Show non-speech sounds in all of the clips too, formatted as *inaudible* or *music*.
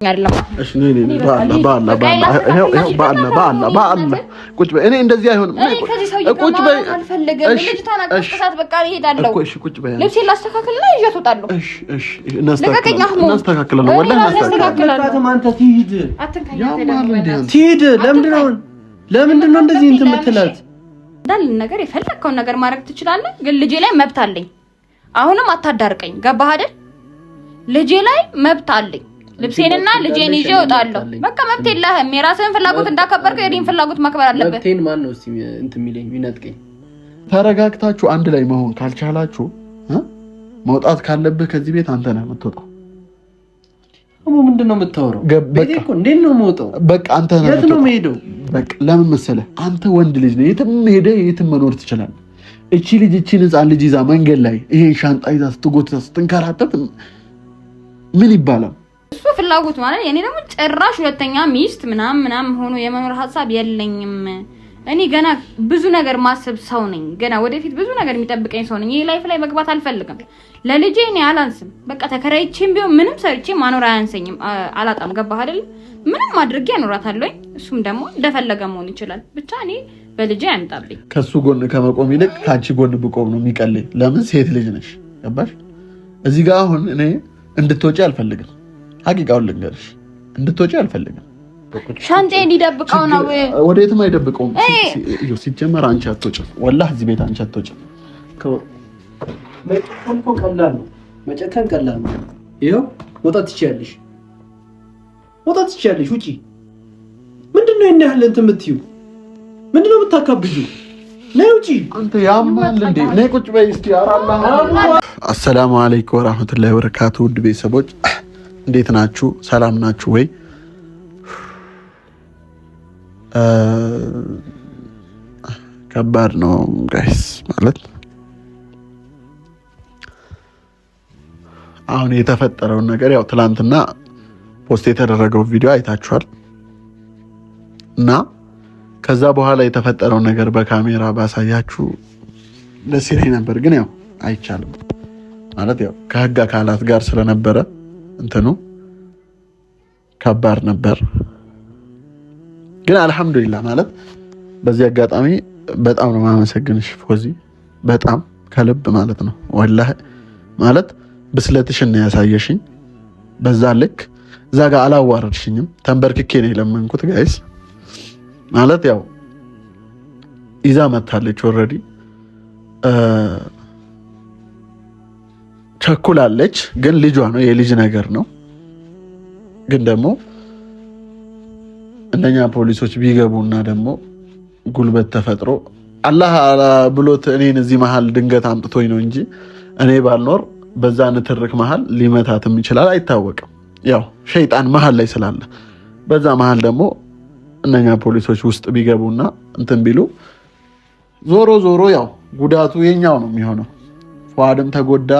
እኔ እንደዚህ አይሆንም። ቁጭ በይ እንደዚህ እንትን የምትላት? ነገር የፈለግከውን ነገር ማድረግ ትችላለህ፣ ግን ልጄ ላይ መብት አለኝ። አሁንም አታዳርቀኝ። ገባህ አይደል? ልጄ ላይ መብት አለኝ ልብሴንና ልጄን ይዤ እወጣለሁ። በቃ መብት የለህም። የራስህን ፍላጎት እንዳከበርከው የእኔን ፍላጎት ማክበር አለብህ። መብቴን ማን ነው እንትን የሚለኝ ይነጥቀኝ? ተረጋግታችሁ አንድ ላይ መሆን ካልቻላችሁ መውጣት ካለብህ ከዚህ ቤት አንተ ነህ የምትወጣው። ምንድን ነው የምታወራው? እንዴት ነው የምወጣው? በቃ አንተ ነህ። የት ነው የምሄደው? ለምን መሰለህ አንተ ወንድ ልጅ ነህ። የትም ሄደህ የትም መኖር ትችላለህ። እቺ ልጅ እቺን ህፃን ልጅ ይዛ መንገድ ላይ ይሄን ሻንጣ ይዛ ስትጎትታ ስትንከራተት ምን ይባላል? እሱ ፍላጎት ማለት እኔ ደግሞ ጭራሽ ሁለተኛ ሚስት ምናም ምናም ሆኖ የመኖር ሀሳብ የለኝም። እኔ ገና ብዙ ነገር ማሰብ ሰው ነኝ። ገና ወደፊት ብዙ ነገር የሚጠብቀኝ ሰው ነኝ። ይህ ላይፍ ላይ መግባት አልፈልግም። ለልጄ እኔ አላንስም። በቃ ተከራይቼም ቢሆን ምንም ሰርቼ ማኖር አያንሰኝም። አላጣም። ገባህ አይደል? ምንም አድርጌ ያኖራታለኝ። እሱም ደግሞ እንደፈለገ መሆን ይችላል። ብቻ እኔ በልጄ አያምጣብኝ። ከሱ ጎን ከመቆም ይልቅ ከአንቺ ጎን ብቆም ነው የሚቀልኝ። ለምን ሴት ልጅ ነሽ። ገባሽ? እዚህ ጋር አሁን እኔ እንድትወጪ አልፈልግም ሀቂቃውን ልንገርሽ እንድትወጪ አልፈልግም። ሻንጤ እንዲደብቀው ነው። ወደ የትም አይደብቀውም። ሲጀመር አንቺ አትወጭም፣ ወላሂ እዚህ ቤት አንቺ አትወጭም። መጨከን እኮ ቀላል ነው። መጨከን ቀላል ነው። ይኸው መውጣት ትችያለሽ፣ መውጣት ትችያለሽ። ውጪ። ምንድን ነው ይሄን ያህል እንትን የምትይው? ምንድን ነው የምታካብጂው? ነይ ውጪ። አንተ ያማል እንዴ? ነይ ቁጭ በይ እስኪ። አሰላሙ አለይኩም ወራህመቱላሂ ወበረካቱ። ውድ ቤተሰቦች እንዴት ናችሁ? ሰላም ናችሁ ወይ? ከባድ ነው ጋይስ። ማለት አሁን የተፈጠረውን ነገር ያው ትላንትና ፖስት የተደረገው ቪዲዮ አይታችኋል እና ከዛ በኋላ የተፈጠረውን ነገር በካሜራ ባሳያችሁ ደስ ይለኝ ነበር፣ ግን ያው አይቻልም ማለት ያው ከህግ አካላት ጋር ስለነበረ እንትኑ ከባድ ነበር። ግን አልሐምዱሊላ ማለት በዚህ አጋጣሚ በጣም ነው ማመሰግንሽ ፎዚ፣ በጣም ከልብ ማለት ነው። ወላሂ ማለት ብስለትሽን ነው ያሳየሽኝ። በዛ ልክ እዛ ጋር አላዋረድሽኝም። ተንበርክኬ ነው የለመንኩት። ጋይስ ማለት ያው ይዛ መታለች፣ ኦልሬዲ ቸኩላለች። ግን ልጇ ነው የልጅ ነገር ነው ግን ደግሞ እነኛ ፖሊሶች ቢገቡ እና ደግሞ ጉልበት ተፈጥሮ አላህ ብሎት እኔን እዚህ መሀል ድንገት አምጥቶኝ ነው እንጂ እኔ ባልኖር በዛ ንትርክ መሀል ሊመታትም ይችላል፣ አይታወቅም። ያው ሸይጣን መሀል ላይ ስላለ በዛ መሀል ደግሞ እነኛ ፖሊሶች ውስጥ ቢገቡና እንትን ቢሉ ዞሮ ዞሮ ያው ጉዳቱ የኛው ነው የሚሆነው። ፏድም ተጎዳ፣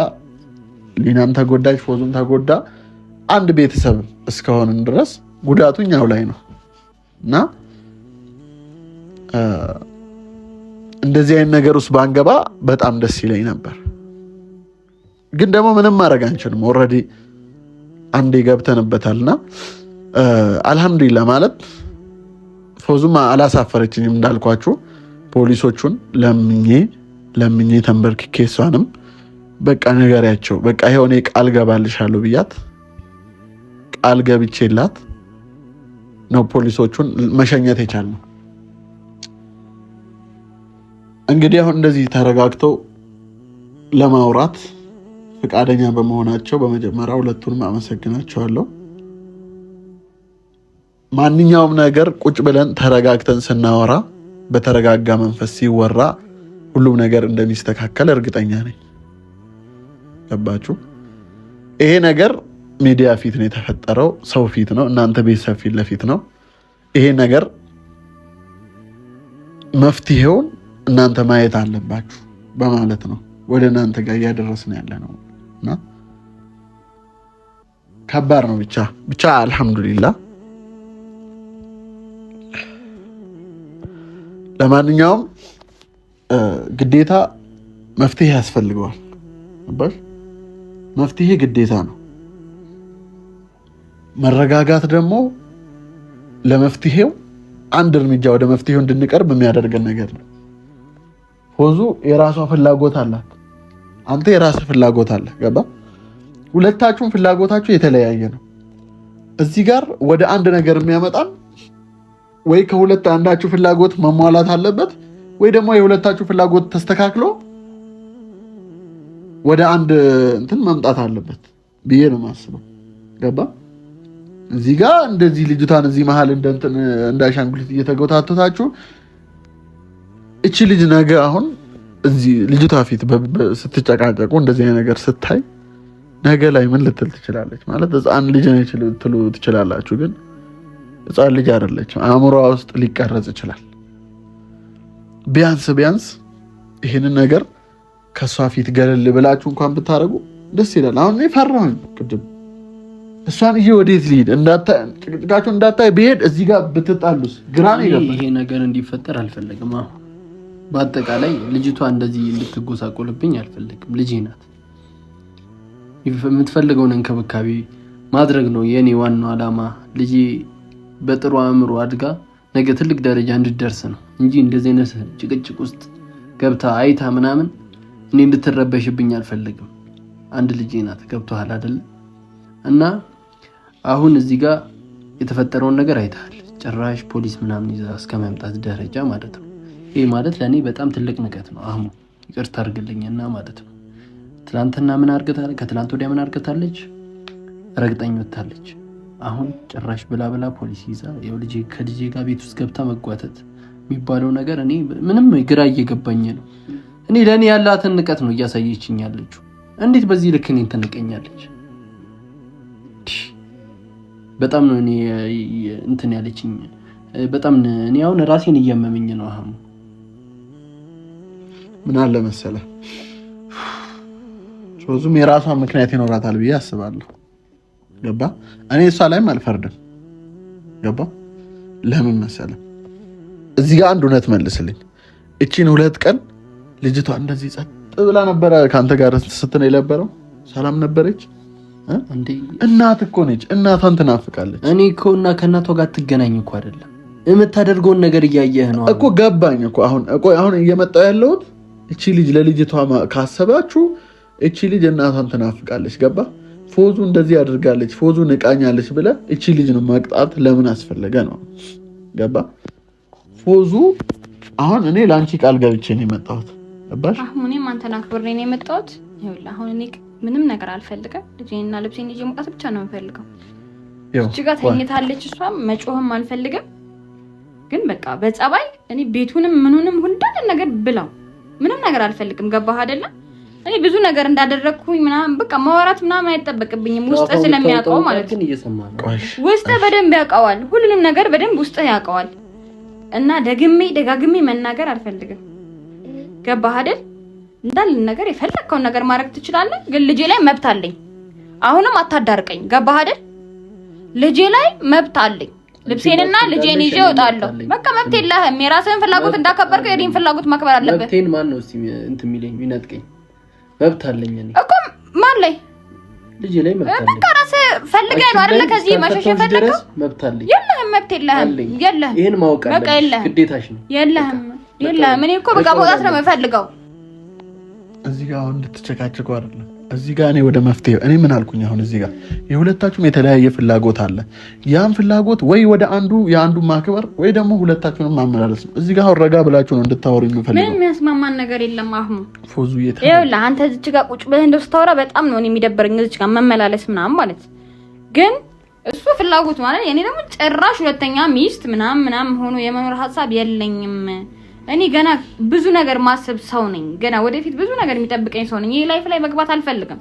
ሊናም ተጎዳች፣ ፎዙም ተጎዳ። አንድ ቤተሰብ እስከሆንን ድረስ ጉዳቱ እኛው ላይ ነው እና እንደዚህ አይነት ነገር ውስጥ ባንገባ በጣም ደስ ይለኝ ነበር። ግን ደግሞ ምንም ማድረግ አንችልም። ኦልሬዲ አንዴ ገብተንበታልና አልሐምዱሊላ ማለት ፎዙም አላሳፈረችኝም። እንዳልኳችሁ ፖሊሶቹን ለምኜ ለምኜ ተንበርክኬ እሷንም በቃ ነገሪያቸው በቃ የሆነ ቃል ገባልሻለሁ ብያት ቃል ገብቼላት ነው ፖሊሶቹን መሸኘት የቻልነው። እንግዲህ አሁን እንደዚህ ተረጋግተው ለማውራት ፈቃደኛ በመሆናቸው በመጀመሪያ ሁለቱንም አመሰግናቸዋለሁ። ማንኛውም ነገር ቁጭ ብለን ተረጋግተን ስናወራ በተረጋጋ መንፈስ ሲወራ ሁሉም ነገር እንደሚስተካከል እርግጠኛ ነኝ። ገባችሁ? ይሄ ነገር ሚዲያ ፊት ነው የተፈጠረው፣ ሰው ፊት ነው፣ እናንተ ቤተሰብ ፊት ለፊት ነው ይሄ ነገር። መፍትሄውን እናንተ ማየት አለባችሁ በማለት ነው ወደ እናንተ ጋር እያደረስን ያለ ነው እና ከባድ ነው። ብቻ ብቻ አልሐምዱሊላ። ለማንኛውም ግዴታ መፍትሄ ያስፈልገዋል። መፍትሄ ግዴታ ነው። መረጋጋት ደግሞ ለመፍትሄው አንድ እርምጃ ወደ መፍትሄው እንድንቀርብ የሚያደርገን ነገር ነው። ሆዙ የራሷ ፍላጎት አላት፣ አንተ የራስህ ፍላጎት አለ። ገባ? ሁለታችሁም ፍላጎታችሁ የተለያየ ነው። እዚህ ጋር ወደ አንድ ነገር የሚያመጣን ወይ ከሁለት አንዳችሁ ፍላጎት መሟላት አለበት ወይ ደግሞ የሁለታችሁ ፍላጎት ተስተካክሎ ወደ አንድ እንትን መምጣት አለበት ብዬ ነው የማስበው። ገባ? እዚህ ጋ እንደዚህ ልጅቷን እዚህ መሀል እንደንትን እንዳሻንጉሊት እየተጎታተታችሁ እቺ ልጅ ነገ አሁን እዚህ ልጅቷ ፊት ስትጨቃጨቁ እንደዚህ አይነት ነገር ስታይ ነገ ላይ ምን ልትል ትችላለች? ማለት ህፃን ልጅ ነች ልትሉ ትችላላችሁ፣ ግን ህፃን ልጅ አይደለችም። አእምሯ ውስጥ ሊቀረጽ ይችላል። ቢያንስ ቢያንስ ይህንን ነገር ከእሷ ፊት ገለል ብላችሁ እንኳን ብታደርጉ ደስ ይላል። አሁን እኔ ፈራሁኝ ቅድም እሷን ይዤ ወዴት ልሂድ? ጭቅጭቃችሁ እንዳታይ ብሄድ እዚህ ጋር ብትጣሉስ? ግራ ይሄ ነገር እንዲፈጠር አልፈለግም። በአጠቃላይ ልጅቷ እንደዚህ እንድትጎሳቆልብኝ አልፈለግም። ልጄ ናት። የምትፈልገውን እንክብካቤ ማድረግ ነው የእኔ ዋናው ዓላማ። ልጄ በጥሩ አእምሮ አድጋ ነገ ትልቅ ደረጃ እንድደርስ ነው እንጂ እንደዚህ አይነት ጭቅጭቅ ውስጥ ገብታ አይታ ምናምን እኔ እንድትረበሽብኝ አልፈልግም። አንድ ልጄ ናት። ገብቶሃል አይደለም? እና አሁን እዚህ ጋር የተፈጠረውን ነገር አይተሃል። ጭራሽ ፖሊስ ምናምን ይዛ እስከ መምጣት ደረጃ ማለት ነው። ይህ ማለት ለእኔ በጣም ትልቅ ንቀት ነው። አህሙ ይቅርታ አድርግልኝና ማለት ነው። ትላንትና ምን አርገታለች? ከትላንት ወዲያ ምን አርገታለች? ረግጠኝ ወታለች። አሁን ጭራሽ ብላ ብላ ፖሊስ ይዛ ያው ልጅ ከልጄ ጋር ቤት ውስጥ ገብታ መጓተት የሚባለው ነገር እኔ ምንም ግራ እየገባኝ ነው። እኔ ለእኔ ያላትን ንቀት ነው እያሳየችኝ ያለችው። እንዴት በዚህ ልክ እኔን ትንቀኛለች? በጣም ነው እኔ እንትን ያለችኝ። በጣም እኔ አሁን ራሴን እያመመኝ ነው። አሁን ምን አለ መሰለ ሶዙም የራሷ ምክንያት ይኖራታል ብዬ አስባለሁ። ገባ እኔ እሷ ላይም አልፈርድም። ገባ ለምን መሰለ እዚህ ጋር አንድ እውነት መልስልኝ። እቺን ሁለት ቀን ልጅቷ እንደዚህ ጸጥ ብላ ነበረ ከአንተ ጋር ስትን የነበረው ሰላም ነበረች። እናት እኮ ነች። እናቷን ትናፍቃለች። እኔ እኮ እና ከእናቷ ጋር ትገናኝ እኮ አይደለም የምታደርገውን ነገር እያየህ ነው እኮ ገባኝ እኮ አሁን አሁን እየመጣው ያለሁት እቺ ልጅ ለልጅቷ ካሰባችሁ እቺ ልጅ እናቷን ትናፍቃለች። ገባ ፎዙ እንደዚህ አድርጋለች፣ ፎዙ ንቃኛለች ብለ እቺ ልጅ ነው መቅጣት ለምን አስፈለገ ነው? ገባ ፎዙ አሁን እኔ ለአንቺ ቃል ገብቼ ነው የመጣሁት። ገባሽ? አሁን እኔም አንተን አክብሬ ነው የመጣሁት። አሁን እኔ ምንም ነገር አልፈልግም። ልጄንና ልብሴን ይዤ መውጣት ብቻ ነው የምፈልገው። እቺ ጋር ተኝታለች፣ እሷም መጮህም አልፈልግም። ግን በቃ በጸባይ እኔ ቤቱንም ምኑንም ሁሉንም ነገር ብላው ምንም ነገር አልፈልግም። ገባህ አይደለም? እኔ ብዙ ነገር እንዳደረግኩኝ ምናምን በቃ ማውራት ምናምን አይጠበቅብኝም። ውስጥ ስለሚያውቀው ማለት ነው። ውስጥ በደንብ ያውቀዋል። ሁሉንም ነገር በደንብ ውስጥ ያውቀዋል። እና ደግሜ ደጋግሜ መናገር አልፈልግም። ገባህ አይደል? እንዳልን ነገር የፈለግከውን ነገር ማድረግ ትችላለህ፣ ግን ልጄ ላይ መብት አለኝ። አሁንም አታዳርቀኝ። ገባህ አይደል? ልጄ ላይ መብት አለኝ። ልብሴንና ልጄን ይዤ እወጣለሁ። በቃ መብት የለህም። የራስህን ፍላጎት እንዳከበርከው የእኔን ፍላጎት ማክበር አለበት። መብቴን ማን ነው እስኪ እንትን የሚለኝ የሚነጥቀኝ? መብት አለኝ እኔ እኮ ማን ላይ? ልጄ ላይ መብት አለኝ። በቃ ራስህ ፈልገህ ነው አይደለ? ከዚህ ማሸሽ የፈለገው መብት አለኝ። የለህም፣ መብት የለህም፣ የለህም። ይሄን ማወቅ አለብህ። ግዴታሽ ነው። የለህም፣ የለህም። እኔ እኮ በቃ መውጣት ነው የምፈልገው እዚህ ጋር አሁን እንድትጨቃጨቁ አይደለም። እዚህ ጋር እኔ ወደ መፍትሄ እኔ ምን አልኩኝ? አሁን እዚህ ጋር የሁለታችሁም የተለያየ ፍላጎት አለ። ያን ፍላጎት ወይ ወደ አንዱ የአንዱ ማክበር ወይ ደግሞ ሁለታችሁንም ማመላለስ ነው። እዚህ ጋር አሁን ረጋ ብላችሁ ነው እንድታወሩ የሚፈልግ ምን የሚያስማማን ነገር የለም። አሁን ፎዙ ይኸውልህ፣ አንተ እዚች ጋር ቁጭ ብለህ እንደው ስታወራ በጣም ነው የሚደበረኝ፣ እዚች ጋር መመላለስ ምናምን ማለት ግን እሱ ፍላጎት ማለት እኔ ደግሞ ጭራሽ ሁለተኛ ሚስት ምናምን ምናምን ሆኖ የመኖር ሀሳብ የለኝም እኔ ገና ብዙ ነገር ማሰብ ሰው ነኝ። ገና ወደፊት ብዙ ነገር የሚጠብቀኝ ሰው ነኝ። ላይፍ ላይ መግባት አልፈልግም።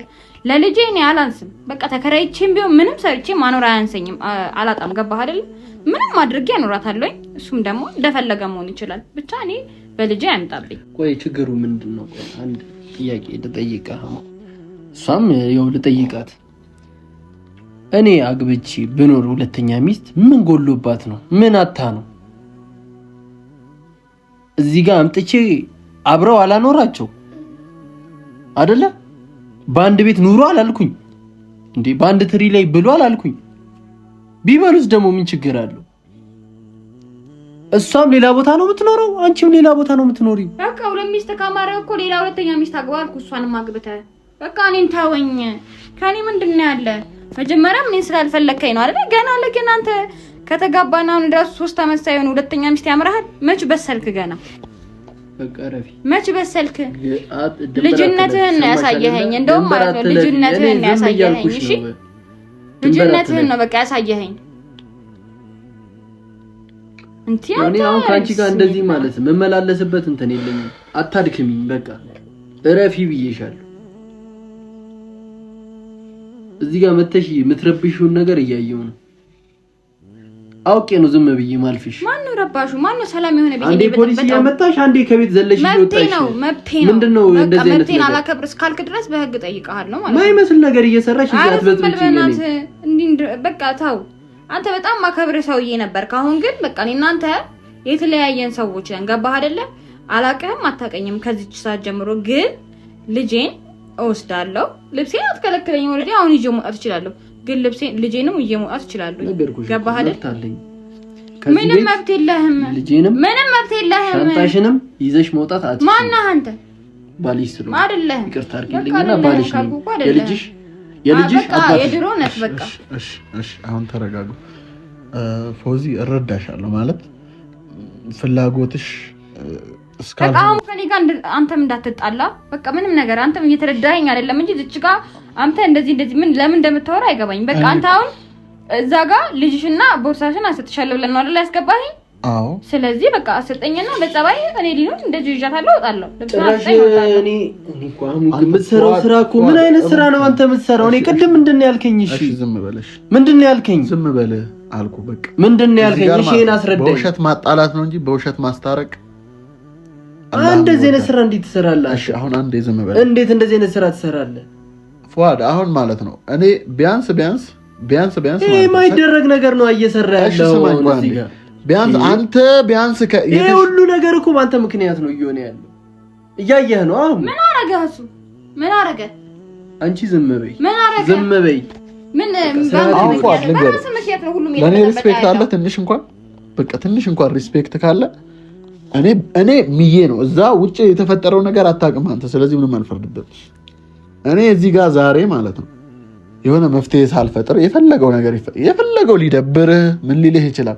ለልጄ እኔ አላንስም። በቃ ተከራይቼም ቢሆን ምንም ሰርቼ ማኖር አያንሰኝም፣ አላጣም። ገባህ አይደለም? ምንም አድርጌ አኖራታለሁኝ። እሱም ደግሞ እንደፈለገ መሆን ይችላል። ብቻ እኔ በልጄ አያምጣብኝ። ቆይ ችግሩ ምንድን ነው? ቆይ አንድ ጥያቄ ልጠይቅህ። እሷም ይኸው ልጠይቃት። እኔ አግብቼ ብኖር ሁለተኛ ሚስት ምን ጎሎባት ነው? ምን አታ ነው እዚህ ጋር አምጥቼ አብረው አላኖራቸው አደለ? በአንድ ቤት ኑሮ አላልኩኝ እንዴ? በአንድ ትሪ ላይ ብሎ አላልኩኝ? ቢበሉስ ደግሞ ምን ችግር አለው? እሷም ሌላ ቦታ ነው የምትኖረው፣ አንቺም ሌላ ቦታ ነው የምትኖሪ። በቃ ሁለት ሚስት ካማረ እኮ ሌላ ሁለተኛ ሚስት አግባልኩ። እሷንም አግብተህ በቃ እኔን ተወኝ። ከኔ ምንድን ነው ያለ? መጀመሪያም እኔን ስላልፈለግከኝ ነው አይደል? ገና ለገና አንተ ከተጋባና አሁን ራሱ ሶስት አመት ሳይሆን ሁለተኛ ሚስት ያምርሃል። መች በሰልክ ገና መች በሰልክ ልጅነትህን ነው ያሳየኸኝ። እንደውም ማለት ነው ልጅነትህን ነው ያሳየኸኝ። እሺ ልጅነትህን ነው በቃ ያሳየኸኝ። እንት አሁን ከአንቺ ጋር እንደዚህ ማለት መመላለስበት እንትን የለኝም። አታድክሚኝ። በቃ እረፊ ብዬሻለሁ። እዚህ ጋር መተሽ የምትረብሽውን ነገር እያየው ነው አውቄ ነው ዝም ብዬ ማልፍሽ። ማን ነው ረባሹ? ማን ነው ሰላም የሆነ ቤት ብዬ አንዴ ፖሊስ እያመጣሽ አንዴ ከቤት ዘለሽ ይወጣሽ ነው መብቴ ነው። ምንድነው እንደዚህ አይነት ነገር አላከብር እስካልክ ድረስ በህግ ጠይቀሃል ነው ማለት ነው። ማይመስል ነገር እየሰራሽ ይዛት በትምሽ በቃ ተው። አንተ በጣም ማከብር ሰውዬ ነበር። ካሁን ግን በቃ እናንተ የተለያየን ሰዎች ነን። ገባህ አይደለ? አላቅህም፣ አታቀኝም። ከዚች ሰዓት ጀምሮ ግን ልጄን እወስዳለሁ። ልብሴን አትከለክለኝ። ወረዲ አሁን ይዤ መውጣት እችላለሁ። ግን ልብሴ ልጄንም እየመውጣት ይችላሉ። ገባህ አይደል? ምንም መብት የለህም። ልጄንም ምንም መብት የለህም። ሻንጣሽንም ይዘሽ መውጣት አትችልም። ማነህ አንተ? ባልሽ ስለሆነ ይቅርታ አድርጊልኝና ባልሽ የልጅሽ የልጅሽ አባት የድሮ በቃ እሺ፣ እሺ። አሁን ተረጋጉ። ፎዚ እረዳሻለሁ ማለት ፍላጎትሽ እስካሁን ጋር አንተም እንዳትጣላ በቃ ምንም ነገር አንተም እየተረዳኸኝ አይደለም እንጂ ዝች ጋር አንተ እንደዚህ እንደዚህ ምን ለምን እንደምታወራ አይገባኝም። በቃ አንተ አሁን እዛ ጋር ልጅሽና ቦርሳሽን አሰጥሻለሁ ብለን ነው አይደል ያስገባኸኝ? አዎ። ስለዚህ በቃ አሰጠኝና በጸባይ እኔ ሊኖት እንደዚህ ይዣታለሁ፣ እወጣለሁ። ጭራሽ እኔ የምትሰራው ስራ እኮ ምን አይነት ስራ ነው አንተ የምትሰራው? እኔ ቅድም ምንድን ነው ያልከኝ? እሺ ዝም በለሽ። ምንድን ነው ያልከኝ? ዝም በለ አልኩ። በቃ ምንድን ነው ያልከኝ? እሺ እኔን አስረዳኝ። በውሸት ማጣላት ነው እንጂ በውሸት ማስታረቅ እንደዚህ አይነት ስራ እንዴት ትሰራለህ? አሁን አንዴ ዝም በለ። እንዴት እንደዚህ አይነት ስራ ትሰራለህ? ፏድ አሁን ማለት ነው እኔ ቢያንስ ቢያንስ ቢያንስ ቢያንስ የማይደረግ ነገር ነው እየሰራ ያለው ቢያንስ አንተ ቢያንስ ይሄ ሁሉ ነገር እኮ በአንተ ምክንያት ነው እየሆነ ያለው። እያየህ ነው። አሁን ምን አረገ? እሱ ምን አረገ? አንቺ ዝም በይ፣ ዝም በይ። ምን ለእኔ ሪስፔክት አለ ትንሽ እንኳን በቃ ትንሽ እንኳን ሪስፔክት ካለ እኔ እኔ ምዬ ነው እዛ ውጭ የተፈጠረው ነገር አታውቅም አንተ። ስለዚህ ምንም አልፈርድበት እኔ እዚህ ጋር ዛሬ ማለት ነው የሆነ መፍትሄ ሳልፈጥር የፈለገው ነገር የፈለገው ሊደብርህ ምን ሊልህ ይችላል።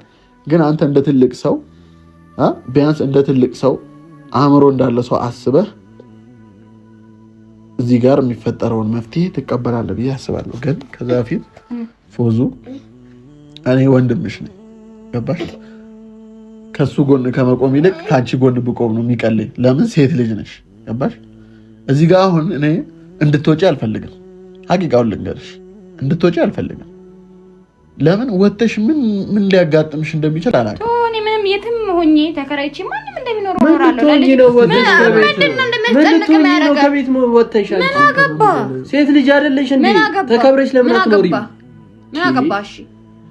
ግን አንተ እንደ ትልቅ ሰው ቢያንስ እንደ ትልቅ ሰው አእምሮ እንዳለ ሰው አስበህ እዚህ ጋር የሚፈጠረውን መፍትሄ ትቀበላለህ ብዬ አስባለሁ። ግን ከዛ በፊት ፎዙ እኔ ወንድምሽ ነኝ፣ ገባሽ? ከሱ ጎን ከመቆም ይልቅ ከአንቺ ጎን ብቆም ነው የሚቀለኝ። ለምን ሴት ልጅ ነሽ፣ ገባሽ? እዚህ ጋር አሁን እኔ እንድትወጪ አልፈልግም። ሀቂቃውን ልንገርሽ፣ እንድትወጪ አልፈልግም። ለምን ወተሽ ምን ምን ሊያጋጥምሽ እንደሚችል አላውቅም። ሴት ልጅ አይደለሽ እንዴ? ተከብረሽ ለምን አትኖሪም?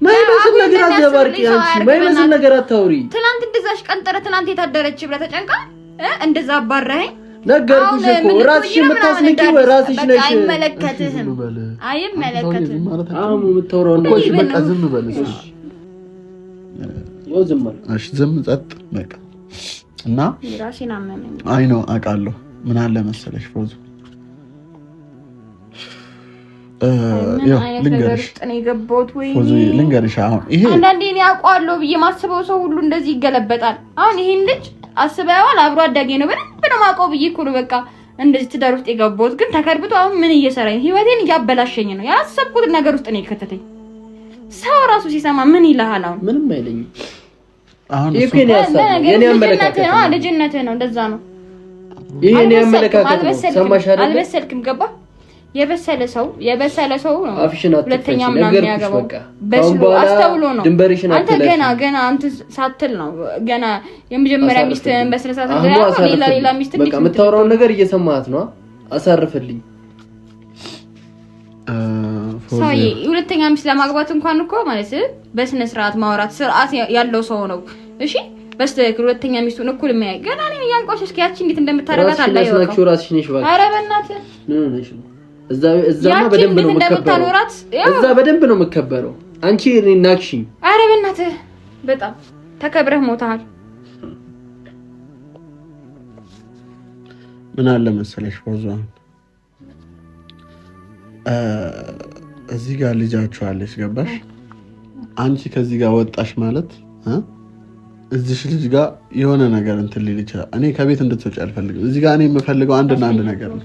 ማይመስል ነገር አዘባርቂ፣ አንቺ ማይመስል ነገር አታውሪ። ትናንት እንደዛሽ ቀንጠረ፣ ትናንት የታደረች ብለህ ተጨንቃ እንደዛ አባራኸኝ ነገርኩሽ እኮ ራስሽ የምታስንቂ ወይ ራስሽ ነሽ። አይመለከትህም፣ እሺ፣ በቃ ዝም በል እሺ፣ እሺ፣ ዝም ጸጥ በቃ እና አይ ነው አውቃለሁ። ምን አለ መሰለሽ ፎዙ ልንገርሽ አሁን ይሄ አንዳንዴ እኔ አውቀዋለሁ ብዬ ማስበው ሰው ሁሉ እንደዚህ ይገለበጣል። አሁን ይሄን ልጅ አስበዋል፣ አብሮ አዳጌ ነው በደንብ ነው የማውቀው ብዬ እኮ ነው በቃ እንደዚህ ትዳር ውስጥ የገባሁት። ግን ተከርብቶ አሁን ምን እየሰራኝ ነው? ህይወቴን እያበላሸኝ ነው። ያላሰብኩት ነገር ውስጥ ነው የከተተኝ። ሰው ራሱ ሲሰማ ምን ይልሃል? አሁን ምንም አይለኝም። ልጅነትህ ነው፣ እንደዛ ነው። ይሄ እኔ አመለካከት ነው። አልበሰልክም። ገባ የበሰለ ሰው የበሰለ ሰው ነው። አፍሽን ሁለተኛ ምናምን ያገባው በስሎ አስተውሎ ነው። ድንበርሽን አንተ ገና ገና አንተ ሳትል ነው ገና የመጀመሪያ ሚስትህን በስነ ስርዓት ሌላ ሌላ ሚስት ነው። በቃ የምታወራውን ነገር እየሰማት ነው። አሳርፍልኝ ሳይ ሁለተኛ ሚስት ለማግባት እንኳን እኮ ማለት በስነ ስርዓት ማውራት ስርዓት ያለው ሰው ነው። እሺ በስተክል ሁለተኛ ሚስቱን እኩል የሚያይ ገና እኔን እያንቆሸሽ ያቺ እንዴት እንደምታረጋት አላ ይወቀው። ኧረ በእናትህ እዛ በደንብ ነው የምከበረው። እዛ በደንብ ነው የምከበረው። አንቺ ናክሺ። ኧረ በእናትህ በጣም ተከብረህ ሞታል። ምን አለ መሰለሽ ቦርዟ እዚህ ጋር ልጃችሁ አለች። ገባሽ? አንቺ ከዚህ ጋር ወጣሽ ማለት እዚሽ ልጅ ጋር የሆነ ነገር እንትን ሊል ይችላል። እኔ ከቤት እንድትወጪ አልፈልግም። እዚህ ጋር እኔ የምፈልገው አንድና አንድ ነገር ነው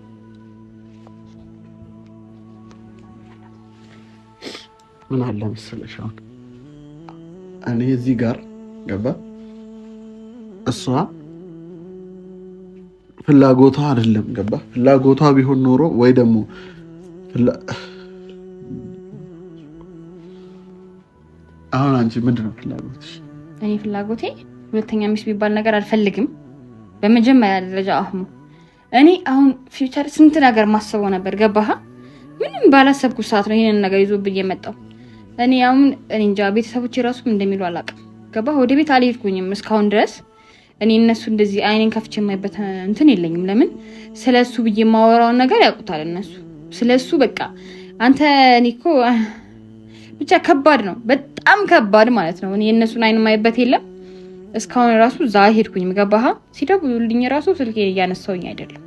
ምን አለ መሰለሽ አሁን እኔ እዚህ ጋር ገባ እሷ ፍላጎቷ አይደለም ገባ ፍላጎቷ ቢሆን ኖሮ ወይ ደግሞ አሁን አንቺ ምንድን ነው ፍላጎትሽ? እኔ ፍላጎቴ ሁለተኛ ሚስት ቢባል ነገር አልፈልግም። በመጀመሪያ ደረጃ አሁን እኔ አሁን ፊውቸር ስንት ነገር ማስበው ነበር ገባህ? ምንም ባላሰብኩ ሰዓት ነው ይህንን ነገር ይዞብኝ የመጣው። እኔ አሁን እኔ እንጃ ቤተሰቦች የራሱ እንደሚሉ አላውቅም። ገባ ወደ ቤት አልሄድኩኝም እስካሁን ድረስ እኔ እነሱ እንደዚህ አይኔን ከፍቼ የማይበት እንትን የለኝም። ለምን ስለ እሱ ብዬ የማወራውን ነገር ያውቁታል እነሱ ስለ እሱ በቃ አንተ እኔ እኮ *sighs* ብቻ ከባድ ነው፣ በጣም ከባድ ማለት ነው። እኔ የእነሱን አይን ማይበት የለም እስካሁን ራሱ እዛ ሄድኩኝም። ገባህ ሲደውሉልኝ ራሱ ስልክ እያነሳውኝ አይደለም።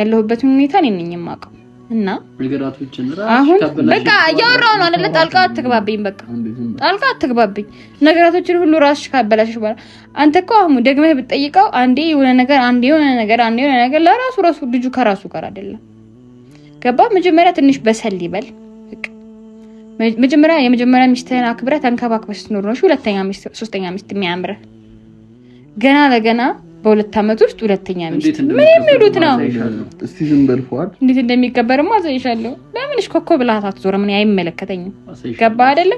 ያለሁበትን ሁኔታ እኔ ነኝ የማውቀው። እና አሁን በቃ እያወራሁ ነው አይደለ? ጣልቃ አትግባብኝ፣ በቃ ጣልቃ አትግባብኝ። ነገራቶችን ሁሉ ራስሽ ካበላሽሽ በኋላ አንተ እኮ አሁን ደግመህ ብትጠይቀው አንዴ የሆነ ነገር አንዴ የሆነ ነገር አንዴ የሆነ ነገር ለራሱ ራሱ ልጁ ከራሱ ጋር አይደለም። ገባ? መጀመሪያ ትንሽ በሰል ይበል። መጀመሪያ የመጀመሪያ ሚስትህን አክብረህ ተንከባክበህ ስትኖር ነው ሁለተኛ ሚስት ሶስተኛ ሚስት የሚያምርህ ገና ለገና በሁለት ዓመት ውስጥ ሁለተኛ ሚስት ምን የሚሉት ነው? እስቲ ዝም በል ፏል። እንዴት እንደሚቀበርማ አሳይሻለሁ። ለምን ኮኮ ብልሃት አትዞርም? እኔ አይመለከተኝም። ገባ አይደለ?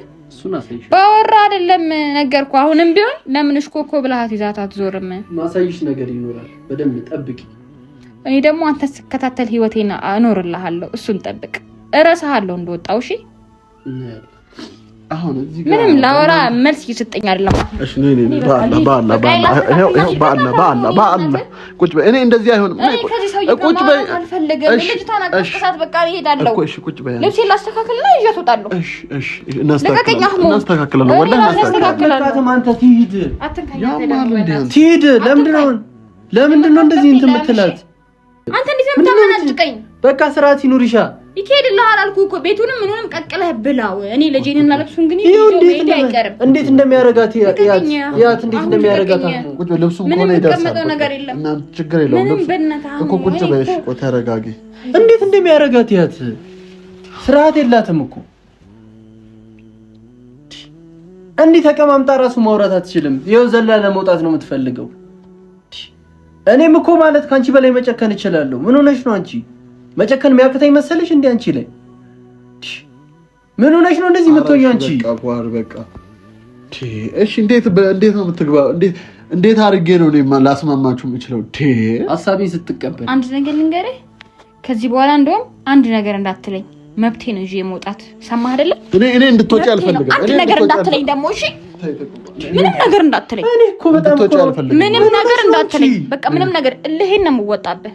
ባወራ አይደለም ነገርኩ። አሁንም ቢሆን ለምን ኮኮ ብልሃት ይዛት አትዞርም? ማሳይሽ ነገር ይኖራል። በደንብ ጠብቂ። እኔ ደግሞ አንተ ስከታተል ህይወቴን እኖርልሃለሁ። እሱን ጠብቅ። እረሳሃለሁ እንደወጣው እሺ ምንም ላወራ መልስ እየሰጠኝ አይደለም። እሺ ነይ ነይ፣ በአላህ በአላህ ቁጭ በይ። እኔ እንደዚህ አይሆንም። ቁጭ በይ። እሺ እሺ፣ ቁጭ በይ። በቃ ስርዓት ይኑር ይሻ ይሄድልሃል አልኩህ እኮ ቤቱንም ምኑንም ቀቅለህ ብላው። እኔ እና ለብሱን ግን ይሄድ አይቀርም። እንዴት እንደሚያረጋት ያት ያት እንዴት እንደሚያረጋት ቁጭ ልብሱ ምንም የሚቀመጠው ነገር የለም። ችግር የለውም እኮ ቁጭ በሽ እኮ ተረጋጊ። እንዴት እንደሚያረጋት ያት ስርዓት የላትም እኮ እንዲህ ተቀማምጣ ራሱ ማውራት አትችልም። ይኸው ዘላ ለመውጣት ነው የምትፈልገው። እኔም እኮ ማለት ከአንቺ በላይ መጨከን እችላለሁ። ምን ሆነሽ ነው አንቺ? መጨከን የሚያቅተኝ መሰለሽ? እንዲ አንቺ ላይ ምን ሆነሽ ነው እንደዚህ የምትሆኝ አንቺ? በቃ እሺ፣ እንዴት እንዴት ነው የምትግባው? እንዴት እንዴት አድርጌ ነው እኔማ ላስማማችሁ የምችለው? ሀሳቤን ስትቀበል አንድ ነገር ልንገርህ፣ ከዚህ በኋላ እንደውም አንድ ነገር እንዳትለኝ መብቴ ነው ይዤ መውጣት። ሰማህ አይደለ? እኔ እኔ እንድትወጪ አልፈልግም። አንድ ነገር እንዳትለኝ ደግሞ እሺ፣ ምንም ነገር እንዳትለኝ። እኔ እኮ በጣም ምንም ነገር እንዳትለኝ። በቃ ምንም ነገር እልህን ነው የምወጣብህ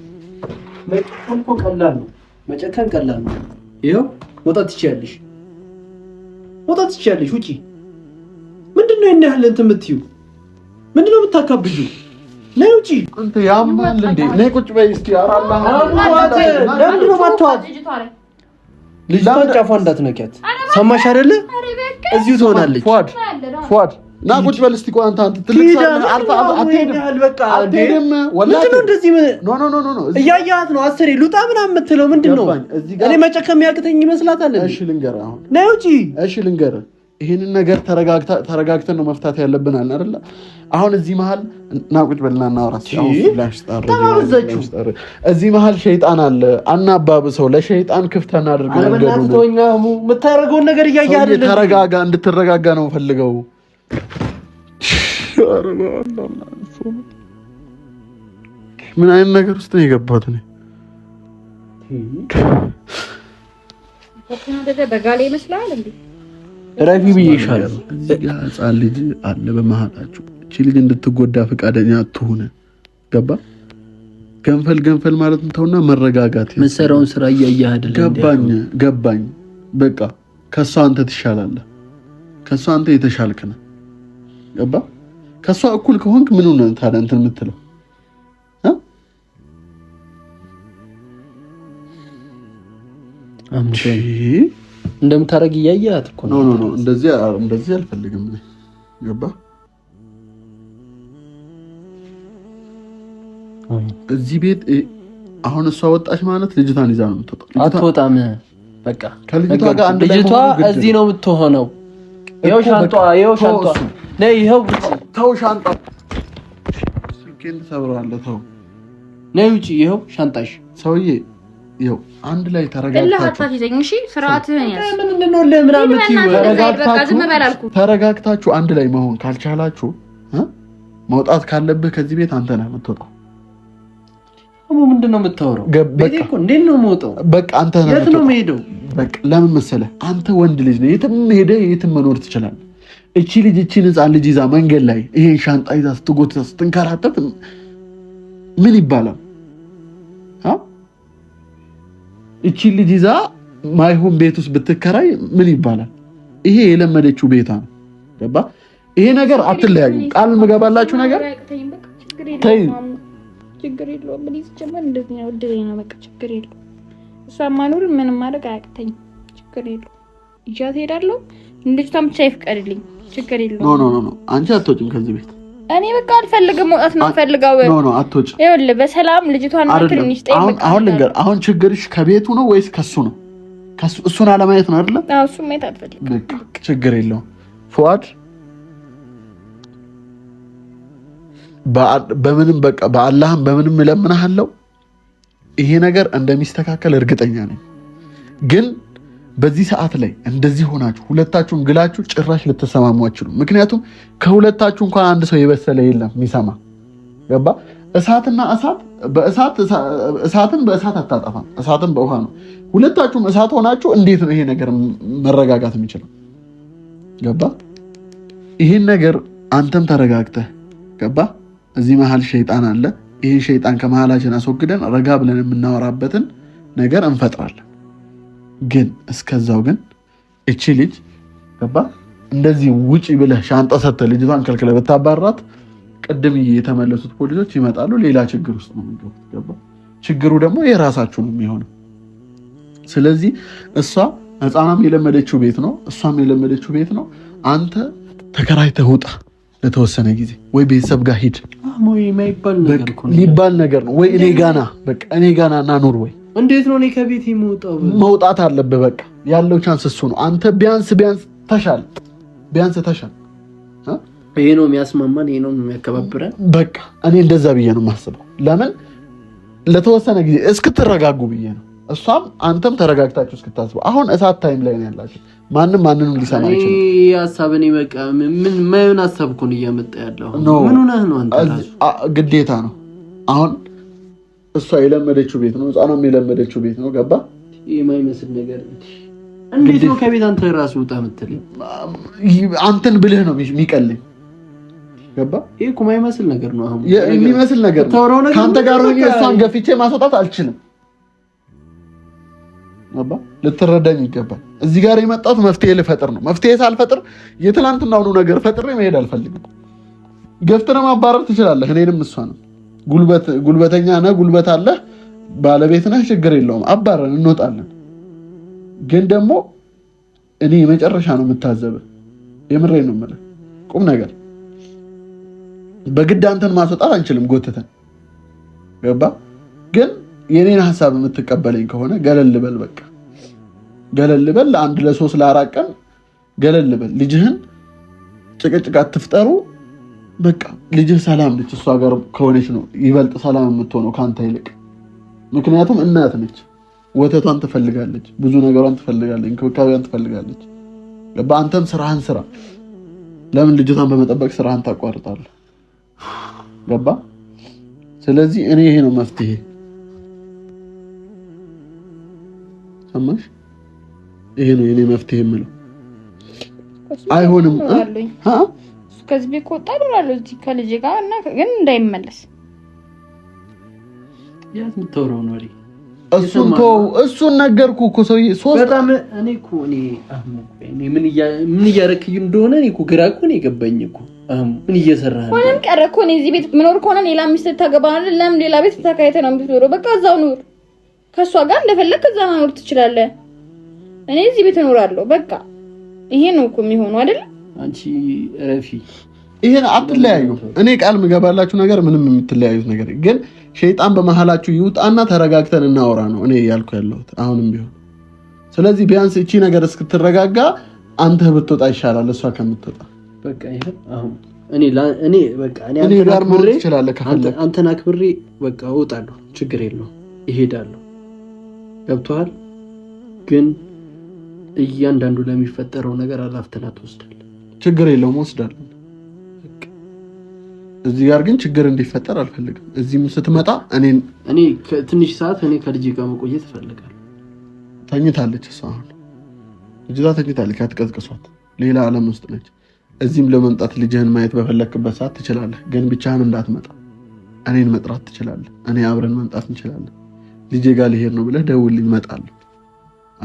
መጨከን እኮ ቀላል ነው። መጨከን ቀላል ነው። ይኸው መውጣት ትችያለሽ፣ መውጣት ትችያለሽ። ውጪ። ምንድን ነው ያህል እንትን የምትይው? ምንድን ነው የምታካብጁ? ነይ ውጪ። ያማል እንዴ? ነይ ቁጭ በይ እስኪ። ኧረ ለምንድን ነው ልጅቷን ጫፏ እንዳትነኪያት። ሰማሽ አይደለ? እዚሁ ትሆናለች። ፏድ ፏድ ና ቁጭ በል እስቲ። ቆይ አንተ አንተ ነው። አስሬ ሉጣ ምናምን የምትለው ምንድን ነው? እኔ መጨከም ያቅተኝ ይመስላታል። እሺ ልንገርህ አሁን ነው እንጂ እሺ ልንገርህ፣ ይሄንን ነገር ተረጋግተን ነው መፍታት ያለብን አለ አይደለ? አሁን እዚህ መሀል ናቁጭ በልና እናውራ። እዚህ መሀል ሸይጣን አለ፣ አናባብሰው። ለሸይጣን ክፍት እናድርግ። የምታደርገውን ነገር እያየህ አይደለም። ተረጋጋ፣ እንድትረጋጋ ነው ፈልገው ምን አይነት ነገር ውስጥ ነው የገባት? ነው በጋላ ይመስላል እንዴ? ረፊ ብዬሻለሁ። ሕፃን ልጅ አለ በመሀላችሁ። እቺ ልጅ እንድትጎዳ ፈቃደኛ አትሆነ። ገባ ገንፈል ገንፈል ማለት እንተውና መረጋጋት። መሰራውን ስራ እያየህ አይደለም። ገባኝ ገባኝ። በቃ ከሷ አንተ ትሻላለህ። ከሷ አንተ የተሻልክ ነህ። ገባ ከእሷ እኩል ከሆንክ ምን ሆነህ ታዲያ እንትን የምትለው እንደምታደርግ እያየሀት እኮ ነው። እንደዚህ አልፈልግም። ገባ እዚህ ቤት አሁን እሷ ወጣች ማለት ልጅቷን ይዛ ነው የምትወጣው። አትወጣም። በቃ ልጅቷ እዚህ ነው የምትሆነው። ይኸው ሻንጣ፣ ይኸው ሻንጣ፣ ይኸው ተው ሻንጣ፣ ስልኬን ተው ነይ ይኸው ሻንጣሽ። ሰውዬ ይኸው አንድ ላይ ተረጋግታችሁ አንድ ላይ መሆን ካልቻላችሁ መውጣት ካለብህ ከዚህ ቤት አንተ ነህ የምትወጣው። ምንድን ነው የምታወራው? በቃ አንተ ነህ የምትወጣው። በቃ ለምን መሰለህ አንተ ወንድ ልጅ ነህ፣ የትም ሄደህ የትም መኖር ትችላለህ። እቺ ልጅ እቺን ሕፃን ልጅ ይዛ መንገድ ላይ ይሄን ሻንጣ ይዛ ስትጎትታ ስትንከራተት ምን ይባላል? እቺ ልጅ ይዛ ማይሆን ቤት ውስጥ ብትከራይ ምን ይባላል? ይሄ የለመደችው ቤታ ነው። ገባ? ይሄ ነገር አትለያዩ፣ ቃል ምገባላችሁ ነገር ችግር የለውም። እሷ ማኖር ምንም ማድረግ አያቅተኝ። ችግር የለውም። ይዣት እሄዳለሁ። ልጅቷን ብቻ ይፍቀድልኝ። ችግር የለውም። ኖ ኖ ኖ፣ አንቺ አትወጪም ከዚህ ቤት። እኔ በቃ አልፈልግም፣ መውጣት ነው የምፈልገው። ኖ ኖ፣ አትወጪም። ይኸውልህ በሰላም ልጅቷን ትንሽ አሁን ልንገርህ፣ አሁን ችግርሽ ከቤቱ ነው ወይስ ከሱ ነው? እሱን አለማየት ነው አይደለ? እሱ ማየት አልፈልግም። ችግር የለውም ፉአድ በምንም በቃ በአላህም በምንም እለምንሃለሁ ይሄ ነገር እንደሚስተካከል እርግጠኛ ነኝ። ግን በዚህ ሰዓት ላይ እንደዚህ ሆናችሁ ሁለታችሁን ግላችሁ ጭራሽ ልትሰማሙ አችሉ። ምክንያቱም ከሁለታችሁ እንኳን አንድ ሰው የበሰለ የለም የሚሰማ ገባ። እሳትና እሳት እሳትን በእሳት አታጠፋም፣ እሳትን በውሃ ነው። ሁለታችሁም እሳት ሆናችሁ እንዴት ነው ይሄ ነገር መረጋጋት የሚችለው? ገባ። ይህን ነገር አንተም ተረጋግተህ ገባ። እዚህ መሀል ሸይጣን አለ። ይህን ሸይጣን ከመሃላችን አስወግደን ረጋ ብለን የምናወራበትን ነገር እንፈጥራለን። ግን እስከዛው ግን እቺ ልጅ ገባ እንደዚህ ውጪ ብለህ ሻንጣ ሰተ ልጅቷን ከልክለ ብታባራት ቅድም የተመለሱት ፖሊሶች ይመጣሉ። ሌላ ችግር ውስጥ ነው የሚገቡት። ገባ ችግሩ ደግሞ የራሳችሁ ነው የሚሆነው። ስለዚህ እሷ ህፃናም የለመደችው ቤት ነው፣ እሷም የለመደችው ቤት ነው። አንተ ተከራይተህ ውጣ ለተወሰነ ጊዜ ወይ ቤተሰብ ጋር ሂድ። የሚባል ነገር ነው ወይ? እኔ ጋና በቃ እኔ ጋና እና ኑር ወይ እንዴት ነው እኔ ከቤት የምወጣው? መውጣት አለብህ። በቃ ያለው ቻንስ እሱ ነው። አንተ ቢያንስ ቢያንስ ተሻል ቢያንስ ተሻል። ይሄ ነው የሚያስማማን፣ ይሄ ነው የሚያከባብረን። በቃ እኔ እንደዛ ብዬ ነው የማስበው። ለምን ለተወሰነ ጊዜ እስክትረጋጉ ብዬ ነው እሷም አንተም ተረጋግታችሁ እስክታስቡ አሁን እሳት ታይም ላይ ነው ያላችሁ። ማንም ማንንም ሊሰማ ይችላል። ሀሳብ በቃ ምን ማየውን ሀሳብኩን እያመጣ ያለው ምን ሆነህ ነው አንተ? ግዴታ ነው አሁን እሷ የለመደችው ቤት ነው፣ ህፃኗም የለመደችው ቤት ነው። ገባ የማይመስል ነገር እንዴት ነው ከቤት አንተ ራሱ ውጣ ምትል አንተን ብልህ ነው የሚቀልኝ። ገባ ይህ እኮ የማይመስል ነገር ነው። አሁን የሚመስል ነገር ነው። ከአንተ ጋር እሷን ገፍቼ ማስወጣት አልችልም። ልትረዳኝ ይገባል። እዚህ ጋር የመጣሁት መፍትሄ ልፈጥር ነው። መፍትሄ ሳልፈጥር የትናንትናውኑ ነገር ፈጥሬ መሄድ አልፈልግም። ገፍትነ ማባረር ትችላለህ። እኔንም እሷ ነው ጉልበተኛ ነህ፣ ጉልበት አለህ፣ ባለቤት ነህ፣ ችግር የለውም። አባረን እንወጣለን። ግን ደግሞ እኔ የመጨረሻ ነው የምታዘበ የምሬ ነው የምልህ ቁም ነገር። በግድ አንተን ማስወጣት አንችልም ጎትተን ገባ ግን የኔን ሀሳብ የምትቀበለኝ ከሆነ ገለል በል፣ በቃ ገለል በል። ለአንድ ለሶስት ለአራት ቀን ገለል በል። ልጅህን ጭቅጭቅ አትፍጠሩ። በቃ ልጅህ ሰላም ነች። እሷ ጋር ከሆነች ነው ይበልጥ ሰላም የምትሆነው ከአንተ ይልቅ። ምክንያቱም እናት ነች፣ ወተቷን ትፈልጋለች፣ ብዙ ነገሯን ትፈልጋለች፣ እንክብካቤዋን ትፈልጋለች። በአንተም ስራህን ስራ። ለምን ልጅቷን በመጠበቅ ስራህን ታቋርጣለህ? ገባ? ስለዚህ እኔ ይሄ ነው መፍትሄ። ሰማሽ? ይሄ ነው የኔ መፍትሄ የምለው። አይሆንም። ከዚህ ቤት ከወጣ እኖራለሁ እዚህ ከልጄ ጋር እና ግን እንዳይመለስ እሱን ተወው። እሱን ነገርኩ እኮ ሰውዬ በጣም እኔ እኮ እኔ ምን እያረክኝ እንደሆነ እኔ እኮ ግራ እኮ ነው የገባኝ እኮ ምን እየሰራ ነው? ሆነም ቀረ እኮ እኔ እዚህ ቤት ምኖር ከሆነ ሌላ ሚስት ታገባ ለምን ሌላ ቤት ተካሄተ ነው የምትኖረው? በቃ እዛው ኑር ከእሷ ጋር እንደፈለግ ከዛ መኖር ትችላለህ። እኔ እዚህ ቤት እኖራለሁ። በቃ ይሄ ነው እኮ የሚሆነው አይደለም። አንቺ ረፊ ይሄን አትለያዩ። እኔ ቃል የምገባላችሁ ነገር ምንም የምትለያዩት ነገር ግን ሸይጣን በመሀላችሁ ይውጣና ተረጋግተን እናወራ ነው እኔ እያልኩ ያለሁት አሁንም ቢሆን። ስለዚህ ቢያንስ እቺ ነገር እስክትረጋጋ አንተ ብትወጣ ይሻላል እሷ ከምትወጣ። በቃ ይሄ አሁን እኔ እኔ በቃ እኔ አንተን አክብሬ በቃ እወጣለሁ። ችግር የለውም ይሄዳለሁ። ገብቶሃል። ግን እያንዳንዱ ለሚፈጠረው ነገር አላፍትና ትወስዳል። ችግር የለውም ወስዳለን። እዚህ ጋር ግን ችግር እንዲፈጠር አልፈልግም። እዚህም ስትመጣ እኔን እኔ ትንሽ ሰዓት እኔ ከልጅ ጋር መቆየት እፈልጋለሁ። ተኝታለች፣ እሷ አሁን ተኝታለች። አትቀዝቅሷት፣ ሌላ ዓለም ውስጥ ነች። እዚህም ለመምጣት ልጅህን ማየት በፈለግክበት ሰዓት ትችላለህ፣ ግን ብቻህን እንዳትመጣ እኔን መጥራት ትችላለህ። እኔ አብረን መምጣት እንችላለን። ልጄ ጋር ሊሄድ ነው ብለህ ደውልልኝ፣ እመጣለሁ።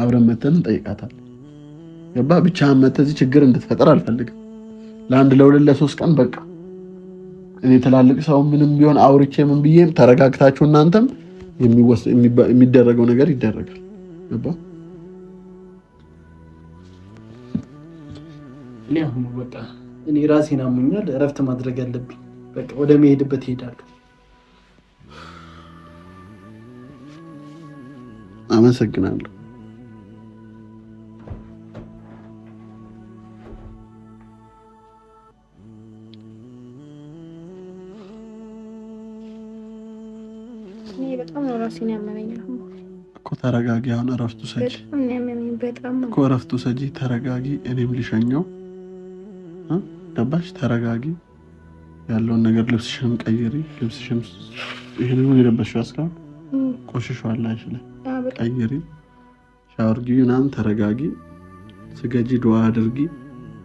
አብረን መተን እንጠይቃታለን። ገባ ብቻህን መተህ እዚህ ችግር እንድትፈጠር አልፈልግም። ለአንድ ለሁለት ለሶስት ቀን በቃ እኔ ትላልቅ ሰው ምንም ቢሆን አውርቼ ምን ብዬም ተረጋግታችሁ እናንተም የሚደረገው ነገር ይደረጋል። ገባ እኔ አሁን በቃ እኔ ራሴን አሞኛል። እረፍት ማድረግ አለብኝ። በቃ ወደ መሄድበት እሄዳለሁ። አመሰግናለሁ። ተረጋጊ፣ አሁን እረፍቱ ሰጂ እኮ እረፍቱ ሰጂ፣ ተረጋጊ። እኔም ልሸኘው ገባሽ? ተረጋጊ። ያለውን ነገር ልብስሽንም ቀይሪ፣ ልብስሽም ይህንን የለበስሽው እስካሁን ቆሽሿል አይችልም። ቀይሪ፣ ሻወር ግቢ ምናምን፣ ተረጋጊ፣ ስገጂ፣ ዱዓ አድርጊ፣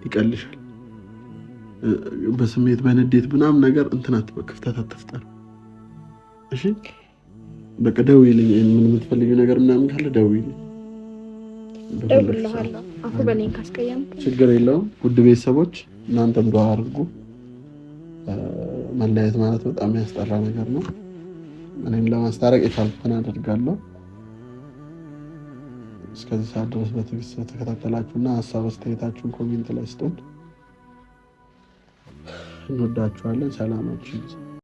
ይቀልሻል። በስሜት በንዴት ምናምን ነገር እንትናት ክፍተት አትፍጠር። እሺ በቃ ደውዪልኝ። ምን የምትፈልጊው ነገር ምናምን ካለ ደውዪልኝ። ችግር የለውም። ውድ ቤተሰቦች እናንተም ዱዓ አድርጉ። መለያየት ማለት በጣም ያስጠራ ነገር ነው። እኔም ለማስታረቅ የቻልኩትን አደርጋለሁ። እስከዚህ ሰዓት ድረስ በትዕግስት በተከታተላችሁና ሀሳብ አስተያየታችሁን ኮሜንት ላይ ስጡን። እንወዳችኋለን። ሰላማችሁ